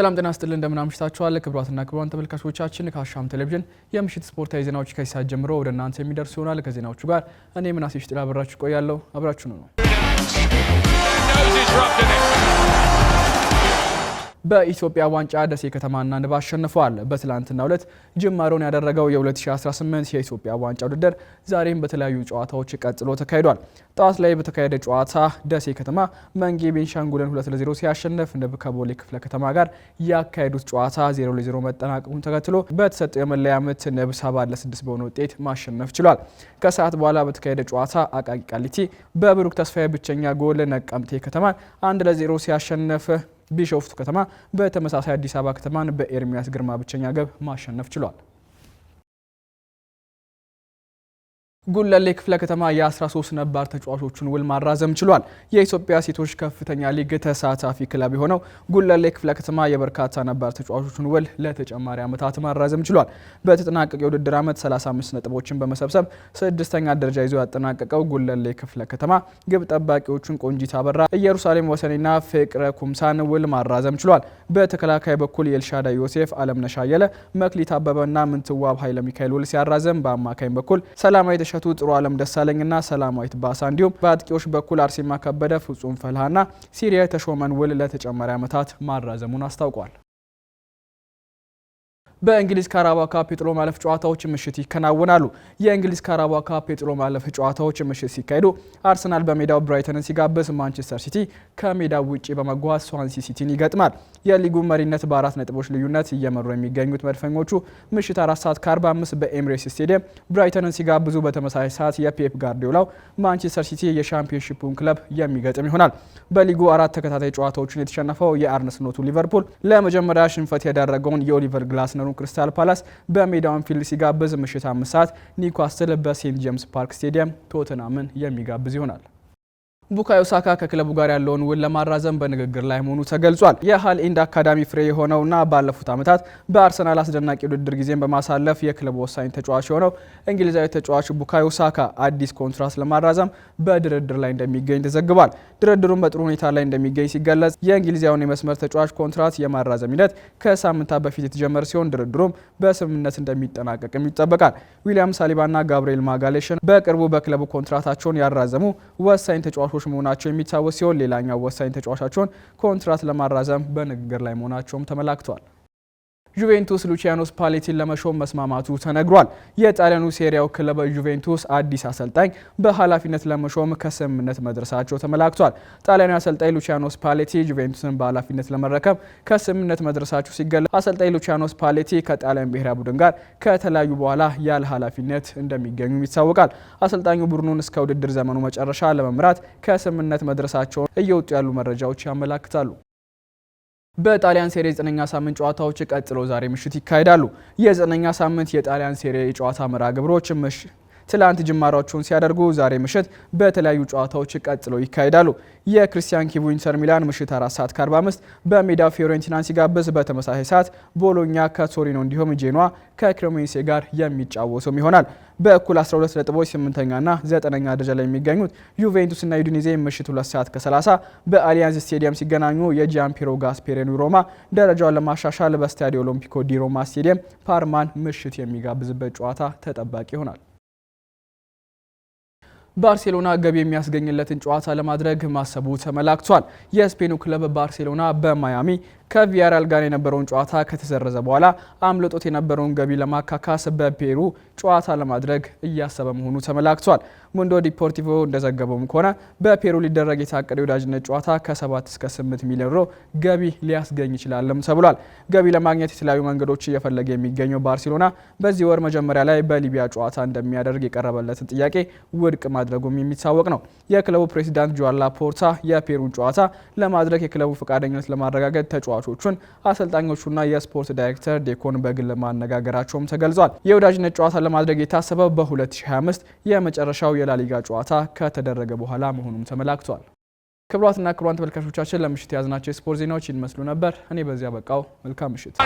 ሰላም ጤና ስጥልን እንደምን አምሽታችኋል። ክቡራትና ክቡራን ተመልካቾቻችን ከአሻም ቴሌቪዥን የምሽት ስፖርታዊ ዜናዎች ከሰዓት ጀምሮ ወደ እናንተ የሚደርስ ይሆናል። ከዜናዎቹ ጋር እኔ ምናሴ ሽጥላ አብራችሁ ቆያለሁ። አብራችሁ ነው በኢትዮጵያ ዋንጫ ደሴ ከተማና ንብ አሸንፏል። በትላንትና ዕለት ጅማሮን ያደረገው የ2018 የኢትዮጵያ ዋንጫ ውድድር ዛሬም በተለያዩ ጨዋታዎች ቀጥሎ ተካሂዷል። ጠዋት ላይ በተካሄደ ጨዋታ ደሴ ከተማ መንጌ ቤንሻንጉልን 2 ለ0 ሲያሸንፍ፣ ንብ ከቦሌ ክፍለ ከተማ ጋር ያካሄዱት ጨዋታ 0 ለ0 መጠናቀቁን ተከትሎ በተሰጠው የመለያ ምት ንብ 7 ለ6 በሆነ ውጤት ማሸነፍ ችሏል። ከሰዓት በኋላ በተካሄደ ጨዋታ አቃቂ ቃሊቲ በብሩክ ተስፋዬ ብቸኛ ጎል ነቀምቴ ከተማን 1 ለ0 ሲያሸንፍ ቢሾፍቱ ከተማ በተመሳሳይ አዲስ አበባ ከተማን በኤርሚያስ ግርማ ብቸኛ ገብ ማሸነፍ ችሏል። ጉለሌ ክፍለ ከተማ የ13 ነባር ተጫዋቾችን ውል ማራዘም ችሏል። የኢትዮጵያ ሴቶች ከፍተኛ ሊግ ተሳታፊ ክለብ የሆነው ጉለሌ ክፍለ ከተማ የበርካታ ነባር ተጫዋቾችን ውል ለተጨማሪ ዓመታት ማራዘም ችሏል። በተጠናቀቀ የውድድር ዓመት 35 ነጥቦችን በመሰብሰብ ስድስተኛ ደረጃ ይዞ ያጠናቀቀው ጉለሌ ክፍለ ከተማ ግብ ጠባቂዎቹን ቆንጂት አበራ፣ ኢየሩሳሌም ወሰኔና ፍቅረ ኩምሳን ውል ማራዘም ችሏል። በተከላካይ በኩል የኤልሻዳ ዮሴፍ፣ አለምነሽ አየለ፣ መክሊት አበበና ምንትዋብ ኃይለ ሚካኤል ውል ሲያራዘም በአማካኝ በኩል ሰላማዊ ሲመለከቱ ጥሩ አለም ደሳለኝና ሰላማዊት ባሳ እንዲሁም በአጥቂዎች በኩል አርሴማ ከበደ፣ ፍጹም ፈልሃና ሲሪያ የተሾመን ውል ለተጨማሪ ዓመታት ማራዘሙን አስታውቋል። በእንግሊዝ ካራባ ካፕ የጥሎ ማለፍ ጨዋታዎች ምሽት ይከናወናሉ። የእንግሊዝ ካራባ ካፕ የጥሎ ማለፍ ጨዋታዎች ምሽት ሲካሄዱ አርሰናል በሜዳው ብራይተንን ሲጋብዝ፣ ማንቸስተር ሲቲ ከሜዳው ውጪ በመጓዝ ስዋንሲ ሲቲን ይገጥማል። የሊጉ መሪነት በአራት ነጥቦች ልዩነት እየመሩ የሚገኙት መድፈኞቹ ምሽት አራት ሰዓት ከ45 በኤምሬስ ስቴዲየም ብራይተንን ሲጋብዙ፣ በተመሳሳይ ሰዓት የፔፕ ጋርዲዮላው ማንቸስተር ሲቲ የሻምፒዮንሺፑን ክለብ የሚገጥም ይሆናል። በሊጉ አራት ተከታታይ ጨዋታዎችን የተሸነፈው የአርነስኖቱ ሊቨርፑል ለመጀመሪያ ሽንፈት ያደረገውን የኦሊቨር ግላስነሩ ጣሊያኑ ክሪስታል ፓላስ በሜዳው አንፊልድ ሲጋብዝ ምሽት አምስት ሰዓት ኒውካስትል በሴንት ጄምስ ፓርክ ስቴዲየም ቶተናምን የሚጋብዝ ይሆናል። ቡካዮ ሳካ ከክለቡ ጋር ያለውን ውል ለማራዘም በንግግር ላይ መሆኑ ተገልጿል። የሃል ኢንድ አካዳሚ ፍሬ የሆነውና ባለፉት ዓመታት በአርሰናል አስደናቂ ውድድር ጊዜን በማሳለፍ የክለቡ ወሳኝ ተጫዋች የሆነው እንግሊዛዊ ተጫዋች ቡካዮ ሳካ አዲስ ኮንትራት ለማራዘም በድርድር ላይ እንደሚገኝ ተዘግቧል። ድርድሩን በጥሩ ሁኔታ ላይ እንደሚገኝ ሲገለጽ የእንግሊዛዊውን የመስመር ተጫዋች ኮንትራት የማራዘም ሂደት ከሳምንታት በፊት የተጀመረ ሲሆን ድርድሩም በስምምነት እንደሚጠናቀቅም ይጠበቃል። ዊሊያም ሳሊባና ጋብርኤል ማጋሌሽን በቅርቡ በክለቡ ኮንትራታቸውን ያራዘሙ ወሳኝ ተጫዋቾች ተጫዋቾች መሆናቸው የሚታወስ ሲሆን ሌላኛው ወሳኝ ተጫዋቻቸውን ኮንትራት ለማራዘም በንግግር ላይ መሆናቸውም ተመላክቷል። ጁቬንቱስ ሉቺያኖ ስፓሌቲን ለመሾም መስማማቱ ተነግሯል። የጣሊያኑ ሴሪያው ክለብ ጁቬንቱስ አዲስ አሰልጣኝ በኃላፊነት ለመሾም ከስምምነት መድረሳቸው ተመላክቷል። ጣሊያኑ አሰልጣኝ ሉቺያኖ ስፓሌቲ ጁቬንቱስን በኃላፊነት ለመረከብ ከስምምነት መድረሳቸው ሲገለጽ፣ አሰልጣኝ ሉቺያኖ ስፓሌቲ ከጣሊያን ብሔራዊ ቡድን ጋር ከተለያዩ በኋላ ያለ ኃላፊነት እንደሚገኙም ይታወቃል። አሰልጣኙ ቡድኑን እስከ ውድድር ዘመኑ መጨረሻ ለመምራት ከስምምነት መድረሳቸውን እየወጡ ያሉ መረጃዎች ያመላክታሉ። በጣሊያን ሴሬ የዘጠነኛ ሳምንት ጨዋታዎች ቀጥሎ ዛሬ ምሽት ይካሄዳሉ። የዘጠነኛ ሳምንት የጣሊያን ሴሬ የጨዋታ መርሃ ግብሮች ትላንት ጅማራዎቹን ሲያደርጉ ዛሬ ምሽት በተለያዩ ጨዋታዎች ቀጥለው ይካሄዳሉ። የክርስቲያን ኪቡ ኢንተር ሚላን ምሽት 4 ሰዓት ከ45 በሜዳ ፊዮሬንቲናን ሲጋብዝ፣ በተመሳሳይ ሰዓት ቦሎኛ ከቶሪኖ እንዲሁም ጄኗ ከክሬሞኔሴ ጋር የሚጫወቱም ይሆናል። በእኩል 12 ነጥቦች 8ኛና 9ኛ ደረጃ ላይ የሚገኙት ዩቬንቱስ እና ዩዲኒዜ ምሽት 2 ሰዓት ከ30 በአሊያንስ ስቴዲየም ሲገናኙ የጂያምፒሮ ጋስፔሬኑ ሮማ ደረጃውን ለማሻሻል በስታዲዮ ኦሎምፒኮ ዲ ሮማ ስቴዲየም ፓርማን ምሽት የሚጋብዝበት ጨዋታ ተጠባቂ ይሆናል። ባርሴሎና ገቢ የሚያስገኝለትን ጨዋታ ለማድረግ ማሰቡ ተመላክቷል። የስፔኑ ክለብ ባርሴሎና በማያሚ ከቪያራል ጋር የነበረውን ጨዋታ ከተሰረዘ በኋላ አምልጦት የነበረውን ገቢ ለማካካስ በፔሩ ጨዋታ ለማድረግ እያሰበ መሆኑ ተመላክቷል። ሙንዶ ዲፖርቲቮ እንደዘገበውም ከሆነ በፔሩ ሊደረግ የታቀደ የወዳጅነት ጨዋታ ከ7 እስከ 8 ሚሊዮን ሮ ገቢ ሊያስገኝ ይችላልም ተብሏል። ገቢ ለማግኘት የተለያዩ መንገዶች እየፈለገ የሚገኘው ባርሴሎና በዚህ ወር መጀመሪያ ላይ በሊቢያ ጨዋታ እንደሚያደርግ የቀረበለትን ጥያቄ ውድቅ ማድረጉም የሚታወቅ ነው። የክለቡ ፕሬዚዳንት ጆዋን ላፖርታ የፔሩን ጨዋታ ለማድረግ የክለቡ ፈቃደኝነት ለማረጋገጥ ተጫዋ ተጫዋቾቹን አሰልጣኞቹና የስፖርት ዳይሬክተር ዴኮን በግል ማነጋገራቸውም ተገልጿል። የወዳጅነት ጨዋታ ለማድረግ የታሰበው በ2025 የመጨረሻው የላሊጋ ጨዋታ ከተደረገ በኋላ መሆኑም ተመላክቷል። ክቡራትና ክቡራን ተመልካቾቻችን ለምሽት የያዝናቸው የስፖርት ዜናዎች ይህን ይመስሉ ነበር። እኔ በዚያ በቃው። መልካም ምሽት